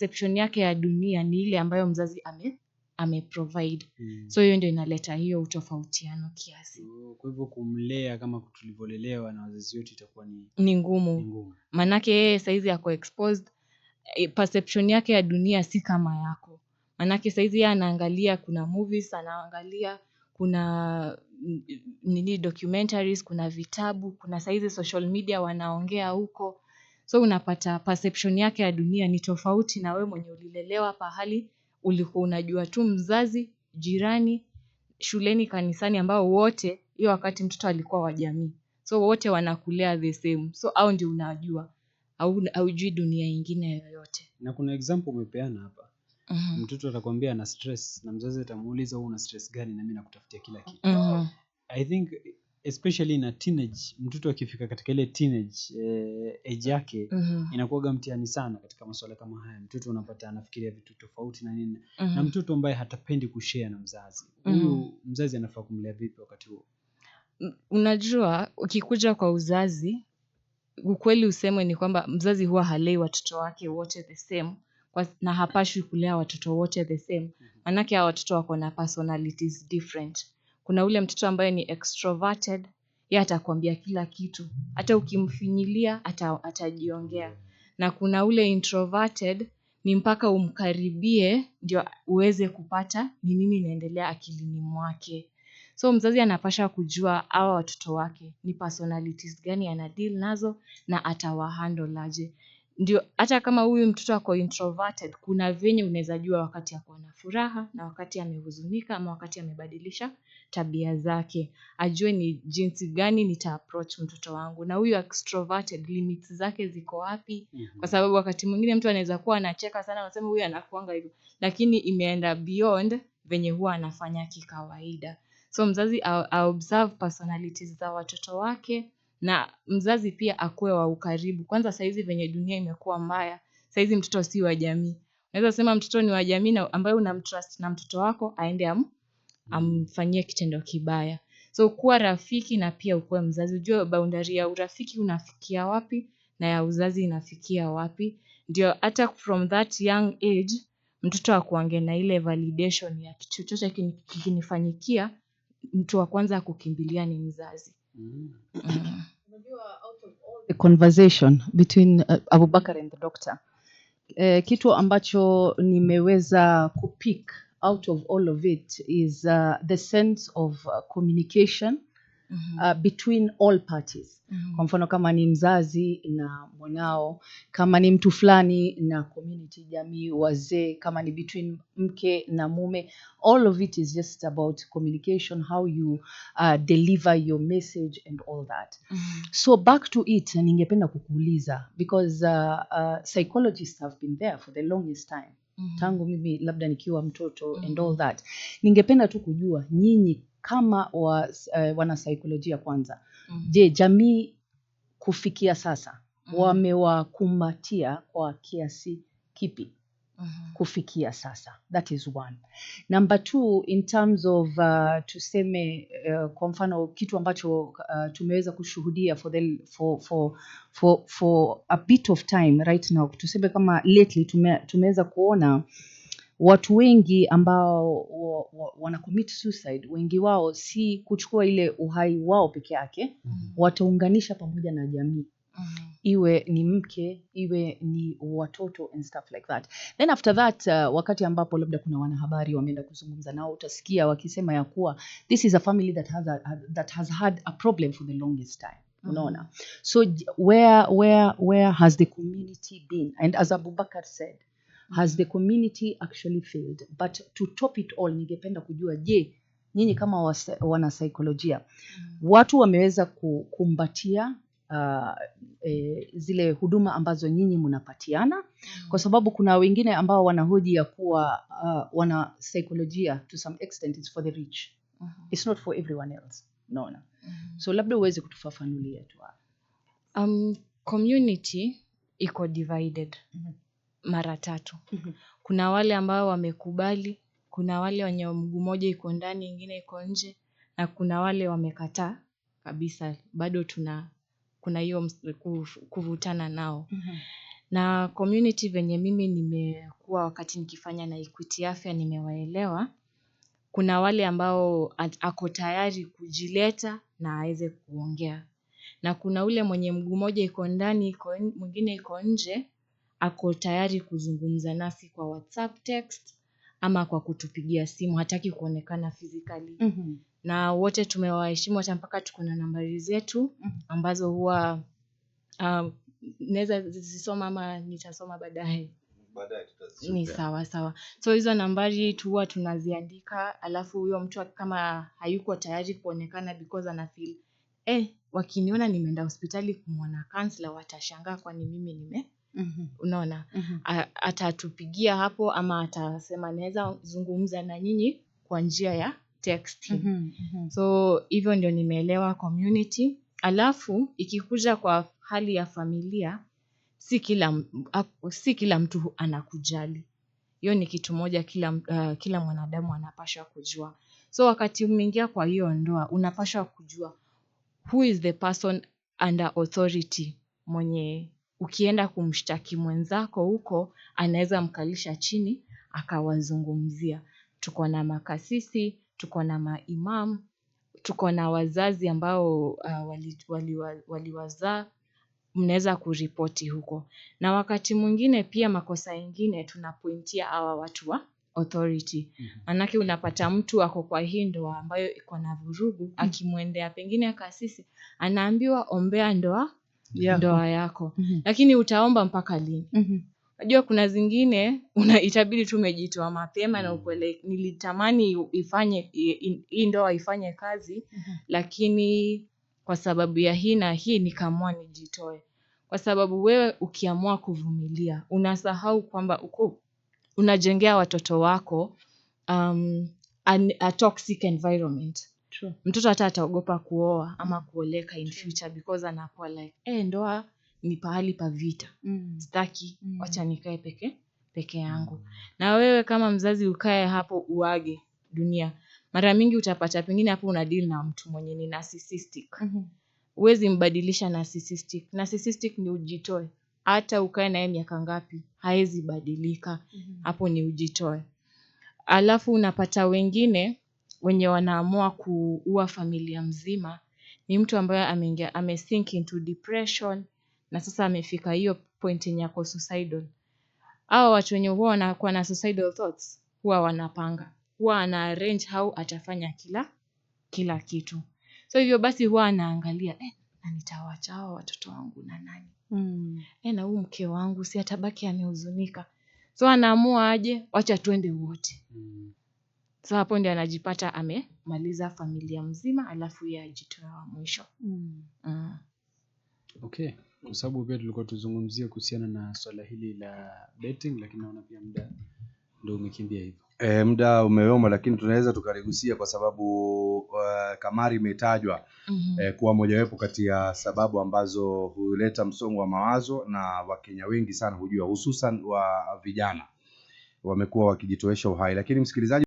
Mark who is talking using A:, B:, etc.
A: perception yake ya dunia ni ile ambayo mzazi ame ameprovide hmm. So hiyo ndio inaleta hiyo utofautiano kiasi.
B: Oh, kwa hivyo kumlea kama tulivyolelewa na wazazi wetu itakuwa ni
A: ni ngumu, maanake yeye saizi ako exposed, eh, perception yake ya dunia si kama yako, maanake saizi yeye anaangalia kuna movies, anaangalia kuna mm, nini documentaries, kuna vitabu, kuna saizi social media wanaongea huko So unapata perception yake ya dunia ni tofauti na we mwenye ulilelewa pahali ulikuwa unajua tu mzazi, jirani, shuleni, kanisani ambao wote hiyo wakati mtoto alikuwa wa jamii. So wote wanakulea the same. So au ndio unajua haujui dunia ingine yoyote.
B: Na kuna example umepeana hapa. Mm -hmm. Mtoto atakwambia ana stress na mzazi atamuuliza wewe una stress gani, na mimi nakutafutia kila kitu. Mm -hmm. I think especially na teenage, mtoto akifika katika ile teenage eh, age yake mm -hmm. inakuwaga mtihani sana katika masuala kama haya. Mtoto unapata anafikiria vitu tofauti na nini mm -hmm. na mtoto ambaye hatapendi kushare na mzazi huyu mm -hmm. mzazi anafaa kumlea vipi wakati huo?
A: Unajua, ukikuja kwa uzazi, ukweli useme ni kwamba mzazi huwa halei watoto wake wote the same kwa, na hapashwi kulea watoto wote the same, mhm. maanake hawa watoto wako na personalities different kuna ule mtoto ambaye ni extroverted yeye atakwambia kila kitu, hata ukimfinyilia atajiongea, na kuna ule introverted ni mpaka umkaribie ndio uweze kupata ni nini inaendelea akilini mwake. So mzazi anapasha kujua hawa watoto wake ni personalities gani ana deal nazo na atawahandle aje. Ndio hata kama huyu mtoto ako introverted kuna venye unaweza jua wakati ako na furaha na wakati amehuzunika ama wakati amebadilisha tabia zake. Ajue ni jinsi gani nita approach mtoto wangu. Na huyu extroverted limits zake ziko wapi? mm -hmm. Kwa sababu wakati mwingine mtu anaweza kuwa anacheka sana anasema huyu anakuanga hivyo. Lakini imeenda beyond venye huwa anafanya kikawaida. So mzazi observe personalities za watoto wake na mzazi pia akuwe wa ukaribu. Kwanza saizi venye dunia imekuwa mbaya, saizi mtoto si wa jamii. naweza sema mtoto ni wa jamii na ambaye unamtrust na mtoto wako aende am, amfanyie kitendo kibaya so kuwa rafiki na pia ukuwe mzazi ujue boundary ya urafiki unafikia wapi na ya uzazi inafikia wapi ndio hata from that young age mtoto akuange na ile validation ya kitu chochote kikinifanyikia mtu wa kwanza kukimbilia ni mzazi
B: mm.
C: the conversation between uh, abubakar and the doctor Uh, kitu ambacho nimeweza kupik out of all of it is uh, the sense of uh, communication mm -hmm. uh, between all parties mm -hmm. Kwa mfano kama ni mzazi na mwanao, kama ni mtu fulani na community, jamii, wazee, kama ni between mke na mume, all of it is just about communication, how you uh, deliver your message and all that mm -hmm. So back to it, ningependa kukuuliza because uh, uh, psychologists have been there for the longest time mm -hmm. tangu mimi labda nikiwa mtoto mm -hmm. and mm-hmm. all that. Ningependa tu kujua nyinyi kama wa, uh, eh, wanasaikolojia kwanza mm -hmm. Je, jamii kufikia sasa mm -hmm. wamewakumbatia kwa kiasi kipi? -hmm. kufikia sasa that is one. Number two in terms of uh, tuseme uh, kwa mfano kitu ambacho uh, tumeweza kushuhudia for, the, for, for, for, for a bit of time right now tuseme kama lately tume, tumeweza kuona watu wengi ambao wana commit suicide, wengi wao si kuchukua ile uhai wao peke yake mm -hmm. wataunganisha pamoja na jamii mm-hmm. iwe ni mke iwe ni watoto and stuff like that then after that uh, wakati ambapo labda kuna wanahabari wameenda kuzungumza nao utasikia wakisema ya kuwa this is a family that has, a, that has had a problem for the longest time Mm-hmm. unaona so where where where has the community been and as abubakar said has the mm-hmm. community actually failed but to top it all ningependa kujua je nyinyi kama wanapsykolojia mm. Mm-hmm. watu wameweza kukumbatia uh, e, zile huduma ambazo nyinyi mnapatiana mm. Kwa sababu kuna wengine ambao wanahoji ya kuwa uh, wana psychologia to some extent it's for the rich uh mm-hmm. -huh. It's not for everyone else naona uh mm-hmm. -huh. So labda uweze kutufafanulia tu
A: um, community iko divided
C: uh mm-hmm. -huh.
A: Mara tatu mm -hmm. Kuna wale ambao wamekubali, kuna wale wenye mguu mmoja iko ndani, ingine iko nje na kuna wale wamekataa kabisa, bado tuna kuna hiyo kuvutana nao mm -hmm. na community venye mimi nimekuwa wakati nikifanya na Equity Afya nimewaelewa kuna wale ambao ako tayari kujileta na aweze kuongea na kuna ule mwenye mguu moja iko ndani mwingine iko nje ako tayari kuzungumza nasi kwa WhatsApp text ama kwa kutupigia simu hataki kuonekana physically mm -hmm na wote tumewaheshimu hata mpaka tuko na nambari zetu mm. ambazo huwa um, naweza zisoma ama nitasoma baadaye ni sawa sawa so hizo nambari huwa tunaziandika alafu huyo mtu kama hayuko tayari kuonekana because anafil eh, wakiniona nimeenda hospitali kumwona kansla watashangaa kwani mimi nime mm-hmm. unaona mm-hmm. atatupigia hapo ama atasema naweza zungumza na nyinyi kwa njia ya text
C: mm-hmm, mm-hmm.
A: so hivyo ndio nimeelewa community alafu ikikuja kwa hali ya familia si kila si kila mtu anakujali hiyo ni kitu moja kila uh, kila mwanadamu anapashwa kujua so wakati umeingia kwa hiyo ndoa unapashwa kujua who is the person under authority mwenye ukienda kumshtaki mwenzako huko anaweza mkalisha chini akawazungumzia tuko na makasisi tuko na maimam, tuko na wazazi ambao ah, waliwazaa, mnaweza kuripoti huko. Na wakati mwingine pia makosa ingine tunapointia hawa watu wa authority maanake mhm. unapata mtu ako kwa hii ndoa ambayo iko na vurugu, mhm. akimwendea pengine kasisi, anaambiwa ombea ndoa ndoa yako, mhm. lakini utaomba mpaka lini? Najua kuna zingine una itabidi tu umejitoa mapema mm. na ukwele, nilitamani ifanye hii ndoa ifanye kazi mm -hmm. lakini kwa sababu ya hii na hii nikaamua nijitoe, kwa sababu wewe ukiamua kuvumilia unasahau kwamba uko unajengea watoto wako um, an, a toxic environment True. Mtoto hata ataogopa kuoa ama mm. kuoleka in future because anakuwa like eh, ndoa ni pahali pa vita mm. Sitaki mm. Wacha nikae peke peke yangu. mm. Na wewe kama mzazi ukae hapo uage dunia. Mara mingi utapata pengine hapo una deal na mtu mwenye ni narcissistic mm -hmm. Huwezi mbadilisha narcissistic. Narcissistic ni ujitoe, hata ukae naye miaka ngapi hawezi badilika mm -hmm. Hapo ni ujitoe. Alafu unapata wengine wenye wanaamua kuua familia mzima ni mtu ambaye ameingia ame sink into depression na sasa amefika hiyo point yenye ako suicidal. Hawa watu wenye huwa wanakuwa na suicidal thoughts huwa wanapanga, huwa ana arrange how atafanya kila kila kitu. So hivyo basi huwa anaangalia eh, na nitawacha hao watoto wangu na nani mm. eh, na huu mke wangu si atabaki amehuzunika, so anaamua aje, wacha twende wote mm. So hapo ndio anajipata
C: amemaliza familia mzima, alafu yeye ajitoa wa mwisho mm. mm.
B: Okay kwa sababu pia tulikuwa tuzungumzie kuhusiana na swala hili la betting, lakini naona pia muda ndio umekimbia hivyo.
D: eh, muda umeoma, lakini tunaweza tukaligusia kwa sababu uh, kamari imetajwa mm -hmm. eh, kuwa mojawapo kati ya sababu ambazo huleta msongo wa mawazo na Wakenya wengi sana hujua, hususan wa vijana wamekuwa wakijitoesha uhai, lakini msikilizaji